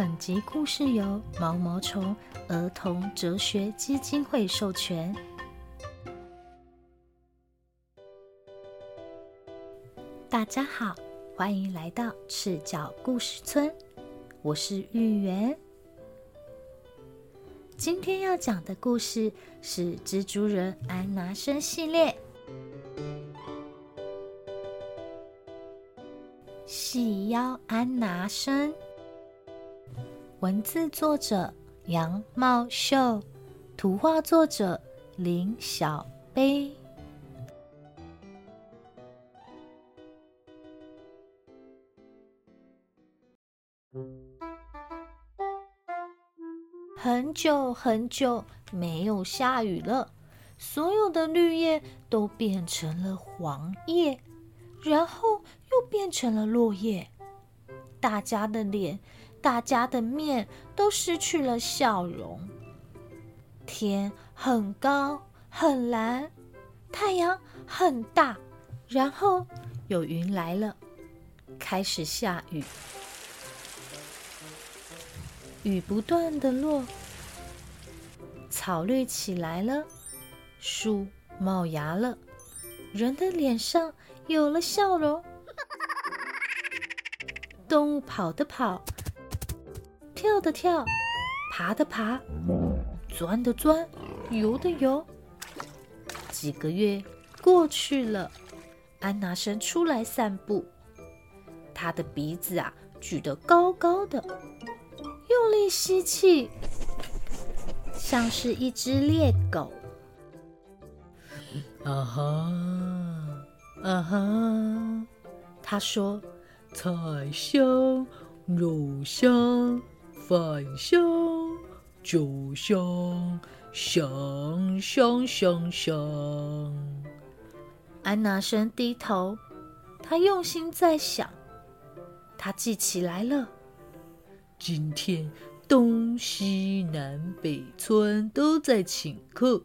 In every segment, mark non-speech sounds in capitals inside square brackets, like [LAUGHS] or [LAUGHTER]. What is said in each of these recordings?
本集故事由毛毛蟲兒童哲學基金會授權。大家好，歡迎來到赤腳故事村，我是玉圓。今天要講的故事是《蜘蛛人安拿生》系列，細腰安拿生。文字作者楊茂秀，圖畫作者林小杯。很久很久沒有下雨了，所有的綠葉都變成了黃葉，然後又變成了落葉。大家的臉。大家的面都失去了笑容。天很高，很藍，太陽很大，然後有雲來了，開始下雨。雨不斷的落，草綠起來了，樹冒芽了，人的臉上有了笑容，動物跑的跑，跳的跳，爬的爬，媽媽鑽的鑽，游的游。幾個月過去了，安拿生出來散步，他的鼻子啊舉得高高的，用力吸氣，像是一隻獵狗。啊哈，啊哈，他說：“菜香，肉香。”飯香，酒香，香香香香。安拿生低頭，他用心在想，他記起來了。今天東西南北村都在請客，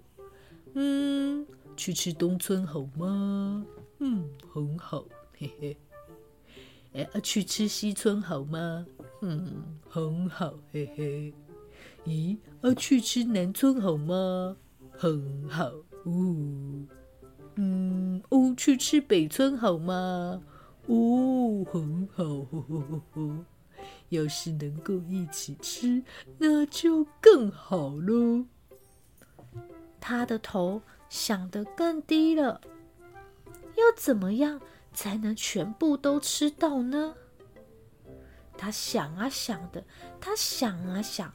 嗯，去吃東村好嗎？嗯，很好，嘿嘿。要、欸啊、去吃西村好嗎？嗯，很好，嘿嘿。咦，要、啊、去吃南村好嗎？很好，哦，嗯，哦，去吃北村好嗎？哦，很好，呵呵呵。要是能夠一起吃，那就更好嘍。他的頭想得更低了，又怎麼樣？才能全部都吃到呢？他想啊想的，他想啊想，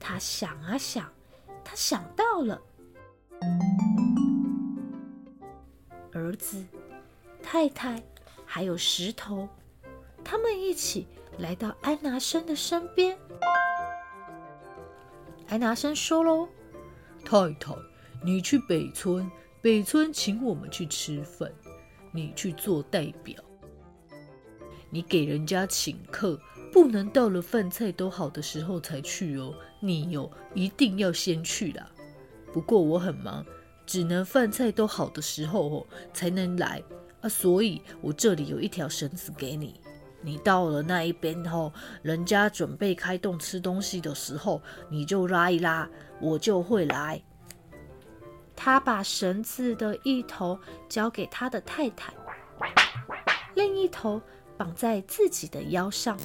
他想啊想，他想啊想，他想到了。兒子、太太還有石頭，他們一起來到安拿生的身邊。安拿生說咯：“嘍，太太，你去北村，北村請我們去吃飯。”你去做代表，你給人家請客，不能到了飯菜都好的時候才去哦，你哦一定要先去啦。不過我很忙，只能飯菜都好的時候哦才能來啊，所以我這裡有一條繩子給你，你到了那一邊後哦，人家準備開動吃東西的時候，你就拉一拉，我就會來。他把繩子的一頭交給他的太太，另一頭綁在自己的腰上。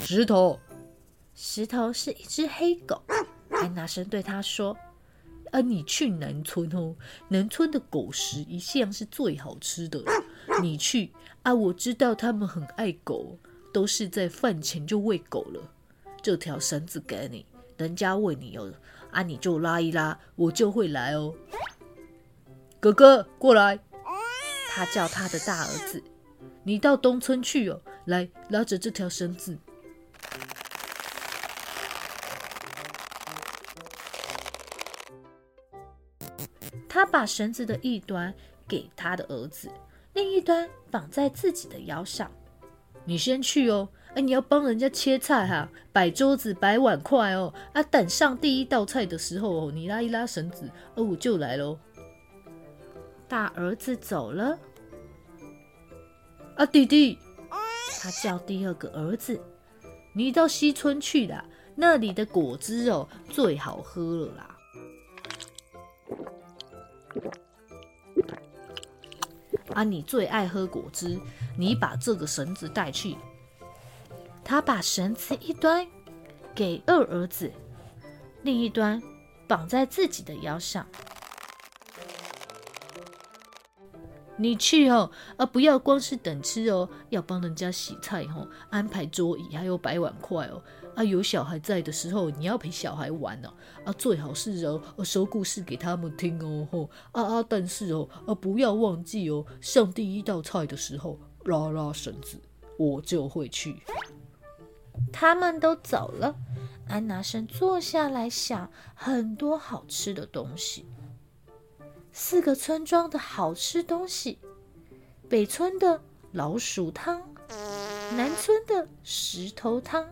石頭，石頭是一隻黑狗。安拿生對他說：“啊，你去南村哦，南村的狗食一向是最好吃的。你去啊，我知道他們很愛狗，都是在飯前就餵狗了。這條繩子給你，人家餵你有、哦。”啊！你就拉一拉，我就會來哦。哥哥，過來！他叫他的大兒子你到東村去哦。來，拉着這條繩子。 [LAUGHS] 他把繩子的一端給他的兒子，另一端綁在自己的腰上。你先去哦。哎、啊，你要幫人家切菜哈、啊，擺桌子、擺碗筷哦、喔。啊，等上第一道菜的時候、喔，你拉一拉繩子，哦、喔，我就來嘍。大兒子走了，啊，弟弟，他叫第二個兒子。你到西村去啦，那裡的果汁哦、喔，最好喝了啦。啊，你最愛喝果汁，你把這個繩子帶去。他把繩子一端給二兒子，另一端綁在自己的腰上。你去哦，啊，不要光是等吃哦，要幫人家洗菜哦，安排桌椅，還有擺碗筷哦。啊，有小孩在的時候，你要陪小孩玩哦。啊，最好是哦，說故事給他們聽哦。哦啊啊，但是哦，啊，不要忘記哦，上第一道菜的時候，拉拉繩子，我就會去。他們都走了，安拿生坐下來，想很多好吃的東西。四個村莊的好吃東西：北村的老鼠湯，南村的石頭湯，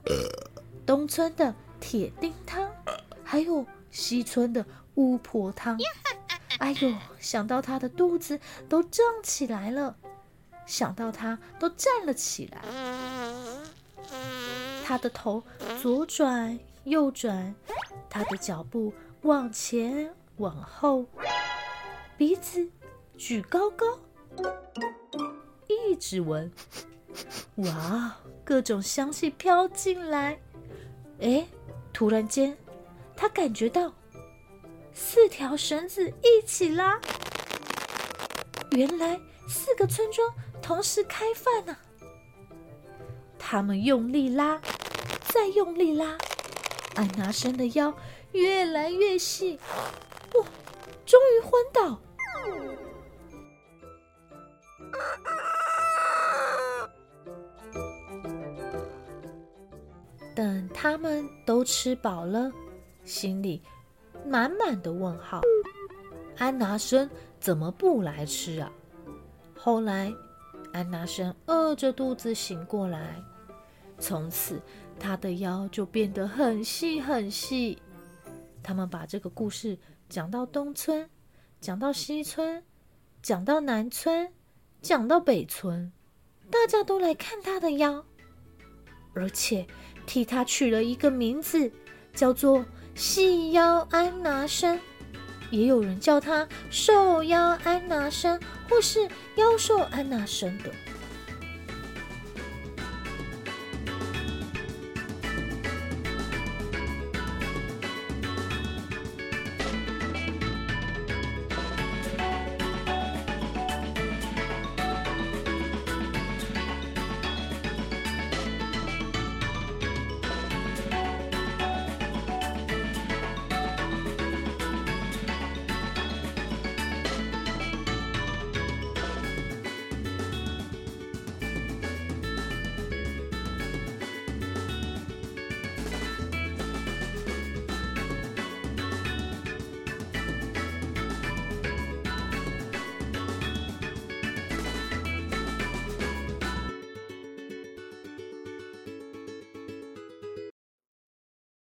東村的鐵釘湯，還有西村的巫婆湯。哎呦，想到他的肚子都脹起來了，想到他都站了起來。他的頭左轉右轉，他的腳步往前往後，鼻子舉高高，一直聞。哇哦，各種香氣飄進來。哎，突然間，他感覺到四條繩子一起拉。原來四個村莊同時開飯呢、啊。他們用力拉。再用力拉，安拿生的腰越來越細，哇，終於昏倒。啊，等他們都吃飽了，心裡滿滿的問號：安拿生怎麼不來吃啊？後來，安拿生餓着肚子醒過來。從此，她的腰就變得很細很細。他們把這個故事講到東村，講到西村，講到南村，講到北村，大家都來看她的腰，而且替她取了一個名字，叫做“細腰安拿生”，也有人叫她“瘦腰安拿生”或是“腰瘦安拿生”的。